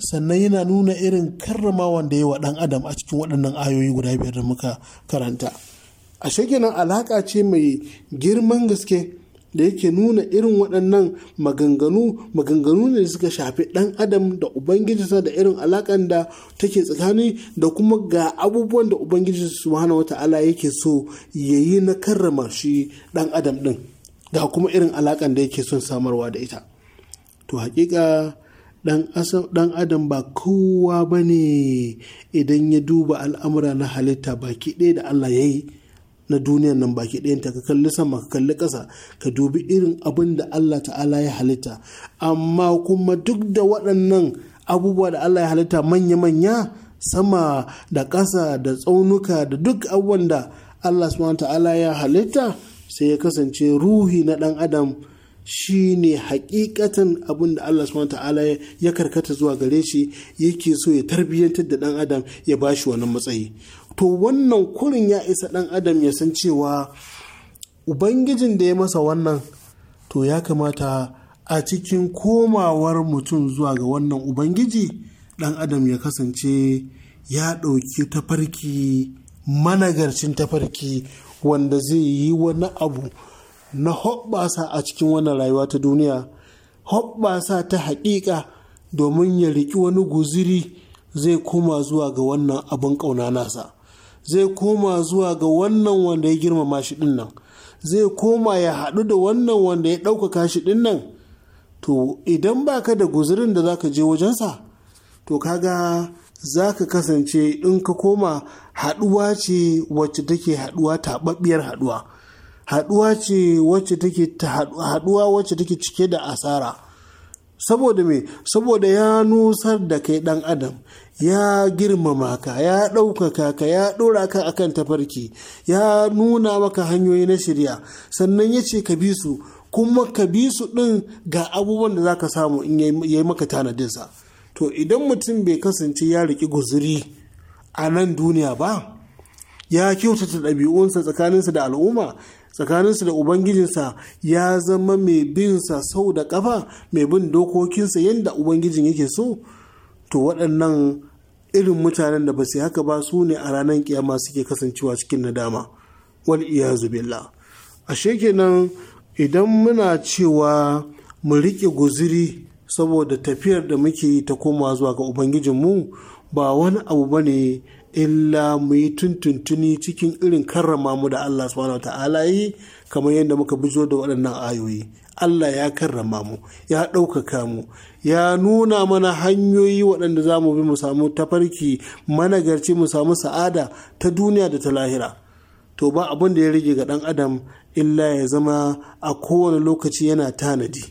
sannan yana nuna irin karrama wanda ya wa dan adam a cikin waɗannan ayoyi guda biyar da muka karanta ashe kenan alaƙa ce mai girman gaske da yake nuna irin waɗannan maganganu maganganu ne suka shafi ɗan adam da ubangiji da irin alaƙan da take tsakani da kuma ga abubuwan da ubangiji subhanahu wata'ala yake so ya yi na karrama shi ɗan adam ɗin ga kuma irin alaƙan da yake son samarwa da ita to hakika ɗan adam ba kowa ba ne idan ya duba al'amura na halitta baki ɗaya da allah ya yi na duniyar nan baki ɗayanta ka kalli sama ka kalli ƙasa ka dubi irin abin da Allah ta'ala ya halitta amma kuma duk da waɗannan abubuwa da Allah ya halitta manya-manya sama da ƙasa da tsaunuka da duk abubuwan da Allah subhanahu ta'ala ya halitta sai ya kasance ruhi na ɗan adam shi ne hakikatan abin da Allah subhanahu ta'ala ya karkata zuwa gare shi yake so ya tarbiyyantar da ɗan adam ya bashi wannan matsayi to wannan kurin ya isa ɗan adam ya san cewa ubangijin da ya masa wannan to ya kamata a cikin komawar mutum zuwa ga wannan ubangiji ɗan adam ya kasance ya ɗauki tafarki managarcin tafarki wanda zai yi wani abu na hoɓɓasa a cikin wannan rayuwa ta duniya hoɓɓasa ta haƙiƙa domin ya riƙi wani guziri zai koma zuwa ga wannan abin ƙauna nasa zai koma zuwa ga wannan wanda ya girmama shi dinnan zai koma ya haɗu da wannan wanda ya ɗaukaka shi dinnan to idan baka da guzurin da zaka je wajensa to kaga za ka kasance in ka koma haɗuwa ce wacce take haɗuwa taɓaɓɓiyar haɗuwa haɗuwa ce wacce take haɗuwa wacce take cike da asara saboda me saboda ya nusar da kai ɗan adam ya girmama ka ya ɗaukaka ka ya ɗora ka a kan tafarki ya nuna maka hanyoyi na shirya sannan ya ce ka bi su kuma ka bi su ɗin ga abubuwan da za ka samu in ya yi maka tanadinsa to idan mutum bai kasance ya riƙi guzuri a nan duniya ba ya kyautata ɗabi'unsa tsakaninsa da al'umma tsakaninsa da ubangijinsa ya zama mai binsa sau da ƙafa mai bin dokokinsa yadda ubangijin yake so to waɗannan irin mutanen da ba su haka ba su ne a ranar kiyama suke kasancewa cikin nadama wal iyazu billah ashe kenan idan muna cewa mu riƙe guziri saboda tafiyar da muke ta koma zuwa ga ubangijinmu ba wani abu ba ne illa mu yi tuntuntuni cikin irin karrama mu da allah subhanahu ta'ala yi kamar yadda muka bizo da waɗannan ayoyi Allah ya karrama mu ya ɗaukaka mu ya nuna mana hanyoyi waɗanda za mu bi mu samu tafarki managarci mu samu sa'ada ta duniya da ta lahira to ba abin da ya rage ga ɗan adam illa ya zama a kowane lokaci yana tanadi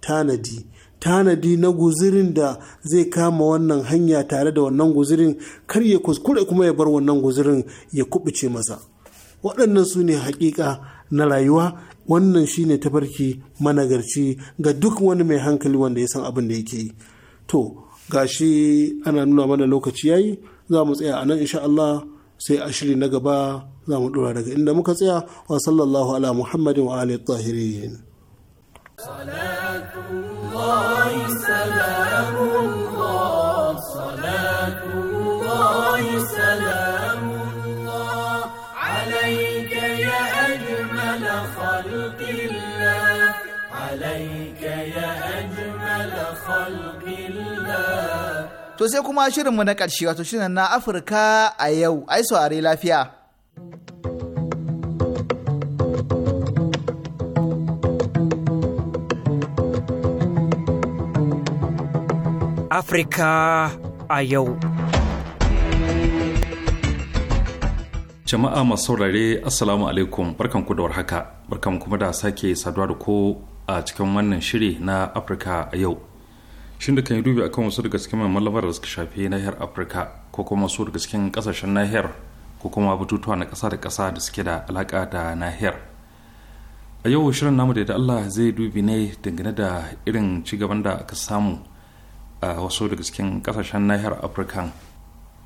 tanadi tanadi na guzirin da zai kama wannan hanya tare da wannan guzirin kar ya kuskure kuma ya bar wannan guzirin ya kubuce masa waɗannan su ne hakika na rayuwa wannan shine tafarki managarci ga duk wani mai hankali wanda ya san abin da yake yi to gashi ana nuna mana lokaci yayi za mu tsaya a nan insha Allah sai a shiri na gaba za mu dora daga inda muka tsaya wa sallallahu ala muhammadin wa alihi tahirin salatu الله صلاة الله سلام To sai kuma shirinmu na ƙarshe wato shirin na Afirka a yau, ai saurare lafiya. Afirka a yau. Jama'a masu saurare Assalamu alaikum barkanku da warhaka, barkan kuma da sake saduwa da ko a cikin wannan shiri na Afirka a yau. shin da kan yi dubi akan wasu daga cikin mallafar da suka shafi nahiyar afirka ko kuma wasu daga cikin kasashen nahiyar ko kuma batutuwa na kasa da kasa da suke da alaƙa da nahiyar a yau shirin namu da allah zai dubi ne dangane da irin cigaban da aka samu a wasu daga cikin kasashen nahiyar afirka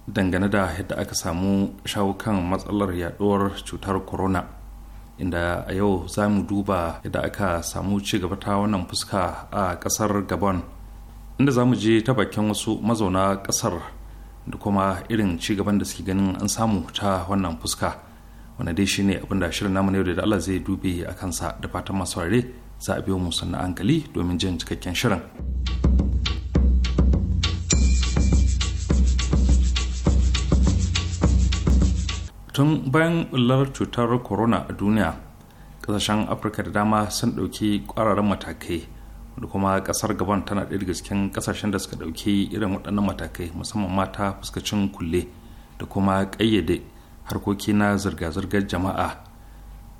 dangane da yadda aka samu shawo kan matsalar yaduwar cutar corona inda a yau za mu duba yadda aka samu ci gaba ta wannan fuska a ƙasar gabon inda za mu je ta bakin wasu mazauna kasar da kuma irin ci gaban da suke ganin an samu ta wannan fuska wanda dai shine abin da shirin namu yau da Allah zai dube a kansa da fatan masu ware za a biyo mu sannan hankali domin jin cikakken shirin. tun bayan ɓullar cutar corona a duniya ƙasashen afirka da dama sun ɗauki ƙwararren matakai da kuma kasar gaban tana ɗaya daga cikin kasashen da suka ɗauki irin waɗannan matakai musamman mata fuskacin kulle da kuma ƙayyade harkoki na zirga-zirgar jama'a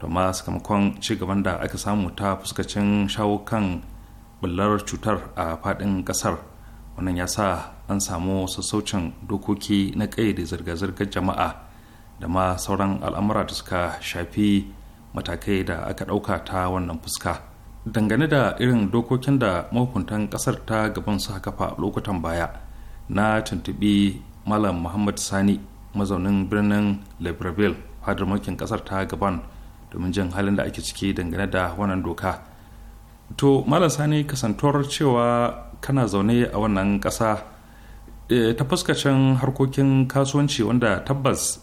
da ma sakamakon ci gaban da aka samu ta fuskacin shawo kan bullar cutar a faɗin ƙasar wannan ya sa an samu sassaucin dokoki na ƙayyade zirga-zirgar jama'a da ma sauran al'amura da suka shafi matakai da aka ɗauka ta wannan fuska. dangane da irin dokokin da mahukuntan kasar ta gaban su kafa lokutan baya na tuntubi malam muhammad sani mazaunin birnin libreville fadar mulkin kasar ta gaban domin jin halin da ake ciki dangane da wannan doka to malam sani kasantuwar cewa kana zaune a wannan kasa eh, ta fuskacin harkokin kasuwanci wanda tabbas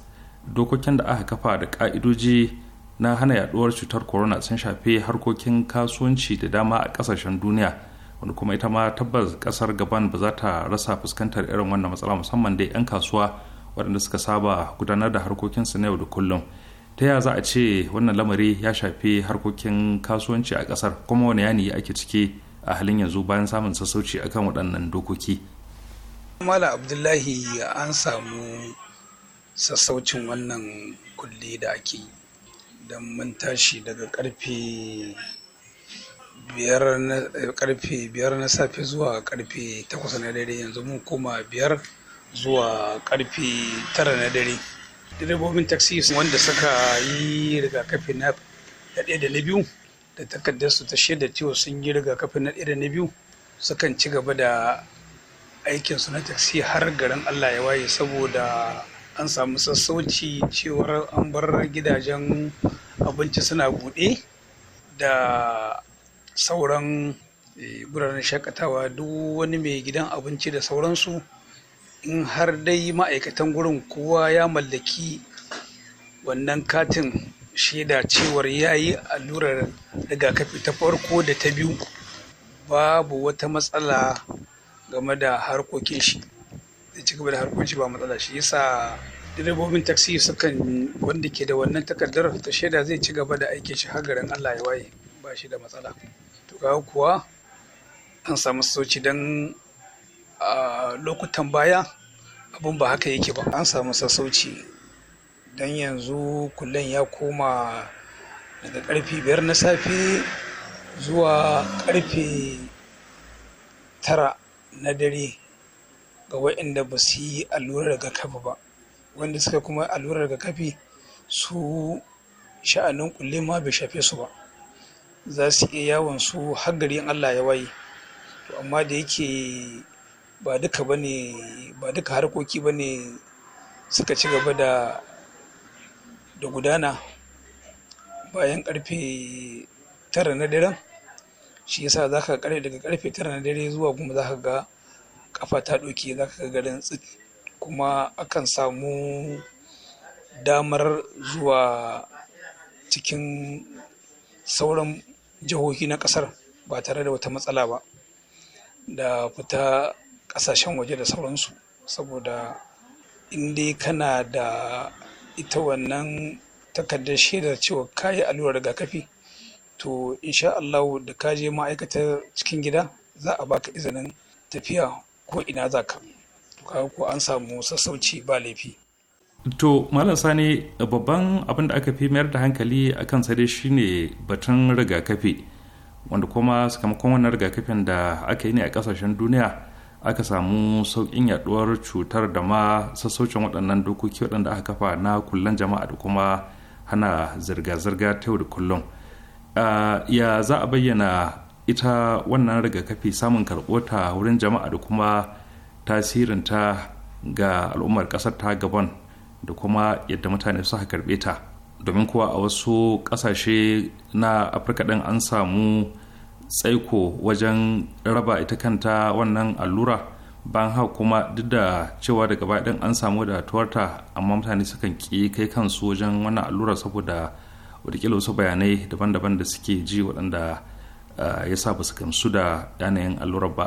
dokokin da aka kafa da ka'idoji na hana yaduwar cutar corona sun shafe harkokin kasuwanci da dama a kasashen duniya wani kuma ita ma tabbas kasar gaban ba za ta rasa fuskantar irin wannan matsala musamman da 'yan kasuwa waɗanda suka saba gudanar da su na yau da kullum ta ya za a ce wannan lamari ya shafi harkokin kasuwanci a kasar kuma wani yani ake ciki a halin yanzu bayan samun sassauci akan waɗannan dokoki mala abdullahi an samu sassaucin wannan kulle da ake yi idan mun tashi daga karfe biyar na safe zuwa karfe takwas na dare yanzu mun koma biyar zuwa karfe tara na dare direbobin taxi wanda suka yi rigakafi na ɗaya da na biyu da takardar ta shaida cewa sun yi rigakafi na ɗaya da na biyu sukan ci gaba da aikinsu na taxi har garin allah ya waye saboda an samu sassauci cewar an bar gidajen abinci suna buɗe da sauran guraren eh, shakatawa duk wani mai gidan abinci da sauransu in har dai ma'aikatan gurin kowa ya mallaki wannan katin shaida cewar ya yi allurar rigakafi ta farko da ta biyu babu wata matsala game da harkokin shi ci gaba da harkoci ba matsala shi yasa direbobin taksi sukan wanda ke da wannan takardar ta shaida zai ci gaba da aikin shi har garin Allah ya waye ba shi da matsala to ga kuwa an samu sauci dan a lokutan baya abun ba haka yake ba an samu sassauci dan yanzu kullum ya koma daga karfe biyar na safe zuwa karfe tara na dare ga waɗanda ba su yi allurar rigakafi ba wanda suka kuma allurar rigakafi su sha'anin kulle ma bai shafe su ba za su iya yawon su har garin allah ya waye to amma da yake ba duka ne ba duka harkoki bane suka ci gaba da da gudana bayan karfe tara na daren shi yasa za ka daga karfe tara na dare zuwa kuma za ka ga kafa ta doke za ka garin tsit kuma akan samu damar zuwa cikin sauran jihohi na ƙasar ba tare da wata matsala ba da fita ƙasashen waje da sauransu saboda in dai kana da ita wannan takardar shaidar cewa kayi allurar rigakafi to insha da ka je ma'aikatar cikin gida za a baka izinin tafiya ko ina za ka ko an samu sassauci ba laifi to malam sani babban abin da aka fi mayar da hankali a kan shi ne batun rigakafi wanda kuma sakamakon wannan rigakafin da aka yi ne a kasashen duniya aka samu sauƙin yaduwar cutar da ma sassaucin waɗannan dokoki waɗanda aka kafa na kullan jama'a da kuma hana zirga-zirga ta yau da kullum ah, ya za a bayyana ita wannan rigakafi samun karɓota wurin jama'a da kuma tasirinta ga al'ummar ƙasar ta gabon da kuma yadda mutane suka karɓe ta domin kuwa a wasu ƙasashe na afirka ɗin an samu tsaiko wajen raba ita kanta wannan allura ban haka kuma duk da cewa daga baya ɗin an samu da tuwarta amma mutane sukan ƙi kai kansu wajen wannan allura saboda wadakila wasu bayanai daban-daban da suke ji waɗanda Ah, ya sa ba su gamsu da yanayin allurar ba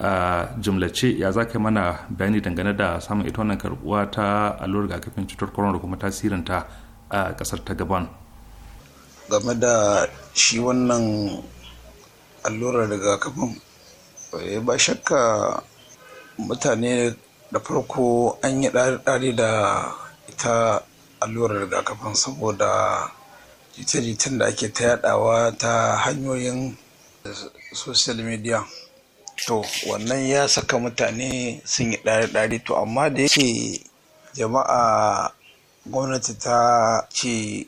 a ah, jimlace ya za ka mana bayani dangane da samun ita wannan karbuwa ta allurar rigakafin cutar corona da kuma tasirinta a kasar ta gabon game da shi wannan allurar rigakafin eh, ba shakka mutane da farko an yi ɗari da ita allurar rigakafin saboda jita-jitan da ake ta yadawa ta hanyoyin social media to wannan ya saka mutane sun yi ɗari-ɗari to amma da yake jama'a gwamnati ta ce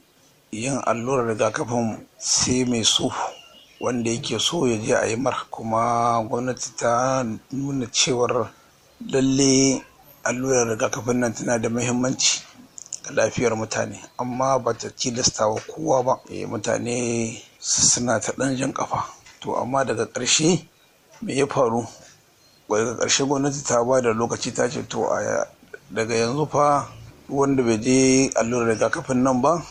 yin allurar rigakafin sai mai so wanda yake so ya je a yi mar kuma gwamnati ta nuna cewar lalle allurar rigakafin nan tana da muhimmanci lafiyar mutane amma ba ta tilasta wa kowa ba e mutane suna ta ɗan jan ƙafa to amma daga ƙarshe me ya faru daga ƙarshe gwamnati ta ba da lokaci ta ce to a daga yanzu fa wanda bai je allurar rigakafin nan ba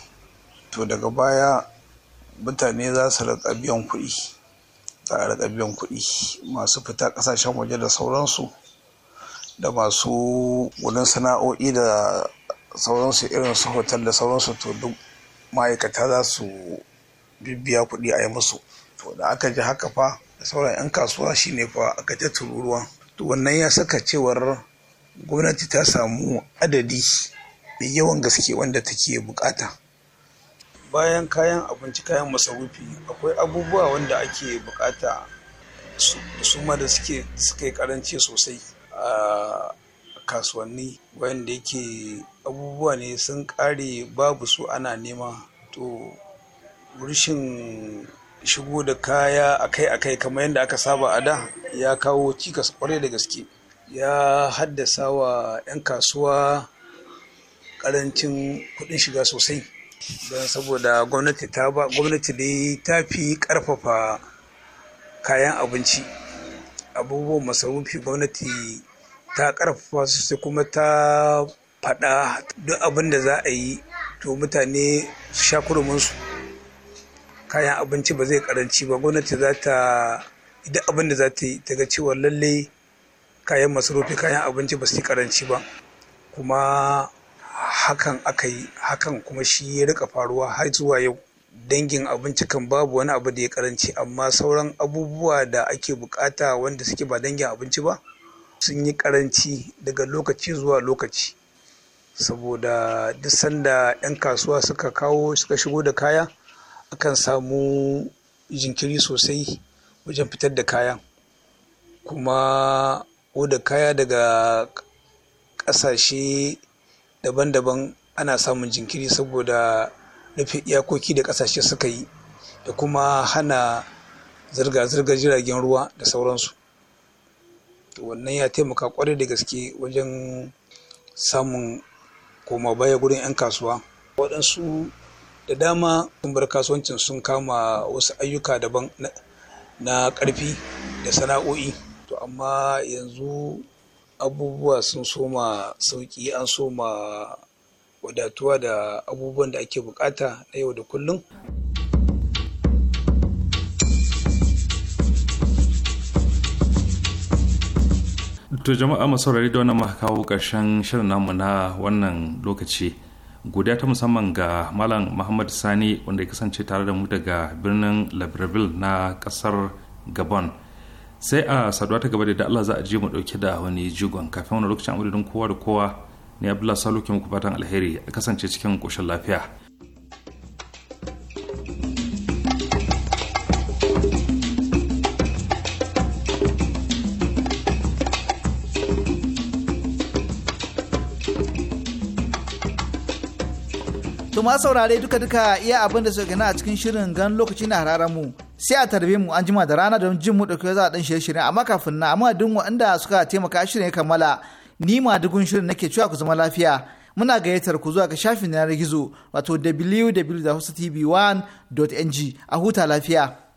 to daga baya mutane za su rika biyan kuɗi za a rika biyan kuɗi masu fita ƙasashen waje da sauransu da masu wurin sana'o'i da sauransu irin su hotel da sauransu to duk ma'aikata za su bibiya kuɗi a yi musu to da aka ji haka fa da sauran 'yan kasuwa shine fa aka ta tururuwa to wannan ya saka cewar gwamnati ta samu adadi mai yawan gaske wanda take bukata bayan kayan abinci kayan masarufi akwai abubuwa wanda ake bukata su ma da suke suka yi karanci sosai ah, kasuwanni wanda yake abubuwa ne sun ƙare babu su ana nema to rashin shigo da kaya akai-akai kamar yadda aka saba a da ya kawo cikas kwarai da gaske ya haddasa wa 'yan kasuwa ƙarancin kuɗin shiga sosai don saboda gwamnati ta ba gwamnati da ta fi ƙarfafa kayan abinci abubuwan masarufi gwamnati ta karfafa su kuma ta faɗa duk abin da za a yi to mutane su sha kuruminsu kayan abinci ba zai karanci ba gwamnati za ta duk abin da za ta yi ta ga cewa lallai kayan masarufi kayan abinci ba su yi karanci ba kuma hakan aka yi hakan kuma shi ya rika faruwa har zuwa yau dangin abinci kan babu wani abu da ya karanci amma sauran abubuwa da ake bukata wanda suke ba dangin abinci ba sun yi karanci daga lokaci zuwa lokaci saboda duk sanda 'yan kasuwa suka kawo suka shigo da kaya akan samu jinkiri sosai wajen fitar da kaya kuma da kaya daga ƙasashe daban-daban ana samun jinkiri saboda rufe iyakoki da ƙasashe suka yi da kuma hana zirga-zirgar jiragen ruwa da sauransu wannan ya taimaka kwarai da gaske wajen samun koma baya gurin 'yan kasuwa waɗansu da dama sun bar kasuwancin sun kama wasu ayyuka daban na ƙarfi da sana'o'i to amma yanzu abubuwa sun soma sauƙi an soma wadatuwa da abubuwan da ake bukata na yau da kullum to jama'a masu saurari da wannan ma kawo ƙarshen shirin namu na wannan lokaci godiya ta musamman ga malam muhammad sani wanda ya kasance tare da mu daga birnin libreville na ƙasar gabon sai a saduwa ta gaba da allah za a je mu ɗauke da wani jigon kafin wani lokacin amadadin kowa da kowa ne abdullah ke muku fatan alheri a kasance cikin ƙoshin lafiya To ma saurare duka-duka iya abin da suka gani a cikin shirin gan lokaci na hararen mu. Sai a tarbe mu an jima da rana don jin mu dauke za a dan shirye-shirye amma kafin na amma duk waɗanda suka taimaka shirin ya kammala. Ni ma dugun shirin nake cewa ku zama lafiya. Muna gayyatar ku zuwa ga shafin yanar gizo wato www.hostv1.ng a huta lafiya.